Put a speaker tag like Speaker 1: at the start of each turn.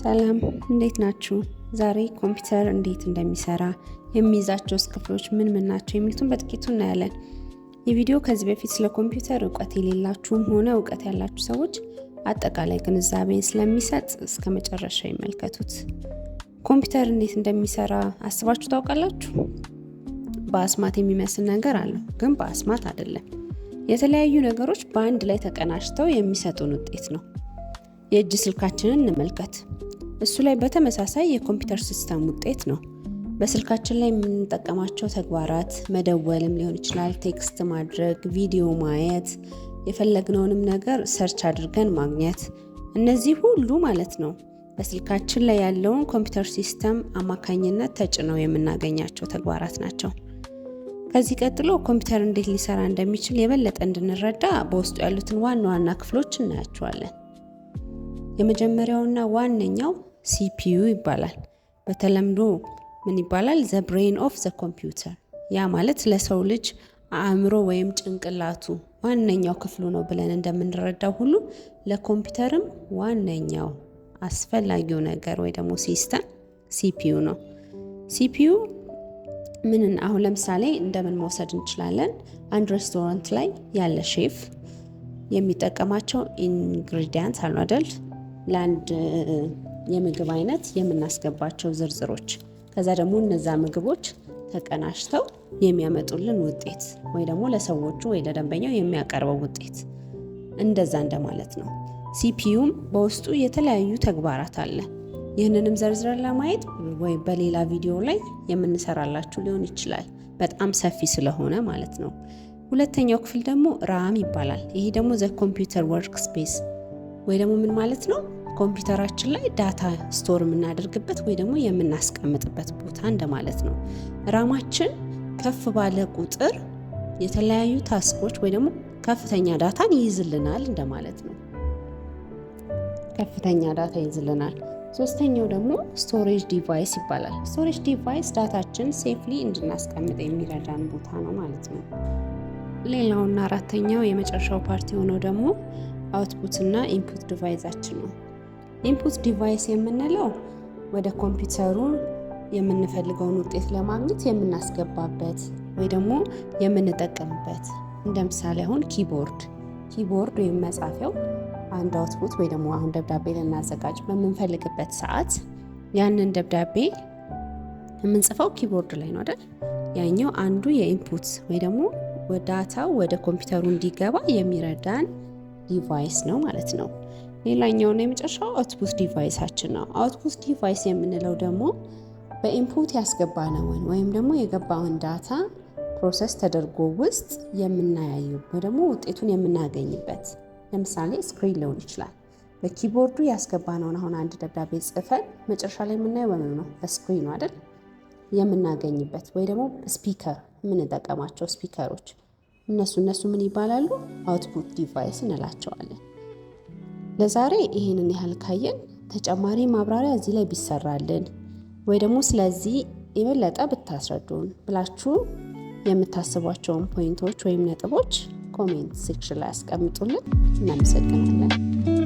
Speaker 1: ሰላም እንዴት ናችሁ? ዛሬ ኮምፒውተር እንዴት እንደሚሰራ የሚይዛቸውስ ክፍሎች ምን ምን ናቸው የሚሉትን በጥቂቱ እናያለን። የቪዲዮ ከዚህ በፊት ስለ ኮምፒውተር እውቀት የሌላችሁም ሆነ እውቀት ያላችሁ ሰዎች አጠቃላይ ግንዛቤን ስለሚሰጥ እስከ መጨረሻው ይመልከቱት። ኮምፒውተር እንዴት እንደሚሰራ አስባችሁ ታውቃላችሁ? በአስማት የሚመስል ነገር አለው፣ ግን በአስማት አይደለም። የተለያዩ ነገሮች በአንድ ላይ ተቀናጅተው የሚሰጡን ውጤት ነው። የእጅ ስልካችንን እንመልከት። እሱ ላይ በተመሳሳይ የኮምፒውተር ሲስተም ውጤት ነው። በስልካችን ላይ የምንጠቀማቸው ተግባራት መደወልም ሊሆን ይችላል፣ ቴክስት ማድረግ፣ ቪዲዮ ማየት፣ የፈለግነውንም ነገር ሰርች አድርገን ማግኘት፣ እነዚህ ሁሉ ማለት ነው በስልካችን ላይ ያለውን ኮምፒውተር ሲስተም አማካኝነት ተጭነው የምናገኛቸው ተግባራት ናቸው። ከዚህ ቀጥሎ ኮምፒውተር እንዴት ሊሰራ እንደሚችል የበለጠ እንድንረዳ በውስጡ ያሉትን ዋና ዋና ክፍሎች እናያቸዋለን። የመጀመሪያውና ዋነኛው ሲፒዩ ይባላል። በተለምዶ ምን ይባላል? ዘ ብሬን ኦፍ ዘ ኮምፒውተር። ያ ማለት ለሰው ልጅ አእምሮ ወይም ጭንቅላቱ ዋነኛው ክፍሉ ነው ብለን እንደምንረዳው ሁሉ ለኮምፒውተርም ዋነኛው አስፈላጊው ነገር ወይ ደግሞ ሲስተም ሲፒዩ ነው። ሲፒዩ ምንን አሁን ለምሳሌ እንደምን መውሰድ እንችላለን? አንድ ሬስቶራንት ላይ ያለ ሼፍ የሚጠቀማቸው ኢንግሪዲያንት አሉ ለአንድ የምግብ አይነት የምናስገባቸው ዝርዝሮች ከዛ ደግሞ እነዛ ምግቦች ተቀናሽተው የሚያመጡልን ውጤት ወይ ደግሞ ለሰዎቹ ወይ ለደንበኛው የሚያቀርበው ውጤት እንደዛ እንደማለት ነው። ሲፒዩም በውስጡ የተለያዩ ተግባራት አለ። ይህንንም ዘርዝረን ለማየት ወይ በሌላ ቪዲዮ ላይ የምንሰራላችሁ ሊሆን ይችላል፣ በጣም ሰፊ ስለሆነ ማለት ነው። ሁለተኛው ክፍል ደግሞ ራም ይባላል። ይሄ ደግሞ ዘ ኮምፒውተር ወርክ ስፔስ ወይ ደግሞ ምን ማለት ነው ኮምፒውተራችን ላይ ዳታ ስቶር የምናደርግበት ወይ ደግሞ የምናስቀምጥበት ቦታ እንደማለት ነው። ራማችን ከፍ ባለ ቁጥር የተለያዩ ታስኮች ወይ ደግሞ ከፍተኛ ዳታን ይይዝልናል እንደማለት ነው። ከፍተኛ ዳታ ይይዝልናል። ሶስተኛው ደግሞ ስቶሬጅ ዲቫይስ ይባላል። ስቶሬጅ ዲቫይስ ዳታችን ሴፍሊ እንድናስቀምጥ የሚረዳን ቦታ ነው ማለት ነው። ሌላውና አራተኛው የመጨረሻው ፓርቲ የሆነው ደግሞ አውትፑት እና ኢንፑት ዲቫይዛችን ነው። ኢንፑት ዲቫይስ የምንለው ወደ ኮምፒውተሩ የምንፈልገውን ውጤት ለማግኘት የምናስገባበት ወይ ደግሞ የምንጠቀምበት እንደ ምሳሌ አሁን ኪቦርድ ኪቦርድ ወይም መጻፊያው አንድ አውትፑት ወይ ደግሞ አሁን ደብዳቤ ልናዘጋጅ በምንፈልግበት ሰዓት ያንን ደብዳቤ የምንጽፈው ኪቦርድ ላይ ነው አይደል? ያኛው አንዱ የኢንፑት ወይ ደግሞ ዳታው ወደ ኮምፒውተሩ እንዲገባ የሚረዳን ዲቫይስ ነው ማለት ነው። ሌላኛውና የመጨረሻው አውትፑት ዲቫይሳችን ነው። አውትፑት ዲቫይስ የምንለው ደግሞ በኢንፑት ያስገባነውን ወይም ደግሞ የገባውን ዳታ ፕሮሰስ ተደርጎ ውስጥ የምናያየው ወይ ደግሞ ውጤቱን የምናገኝበት ለምሳሌ ስክሪን ሊሆን ይችላል። በኪቦርዱ ያስገባነውን አሁን አንድ ደብዳቤ ጽፈን መጨረሻ ላይ የምናየው በምኑ ነው? በስክሪኑ አይደል? የምናገኝበት ወይ ደግሞ ስፒከር የምንጠቀማቸው ስፒከሮች እነሱ እነሱ ምን ይባላሉ? አውትፑት ዲቫይስ እንላቸዋለን። ለዛሬ ይህንን ያህል ካየን ተጨማሪ ማብራሪያ እዚህ ላይ ቢሰራልን ወይ ደግሞ ስለዚህ የበለጠ ብታስረዱን ብላችሁ የምታስቧቸውን ፖይንቶች ወይም ነጥቦች ኮሜንት ሴክሽን ላይ ያስቀምጡልን። እናመሰግናለን።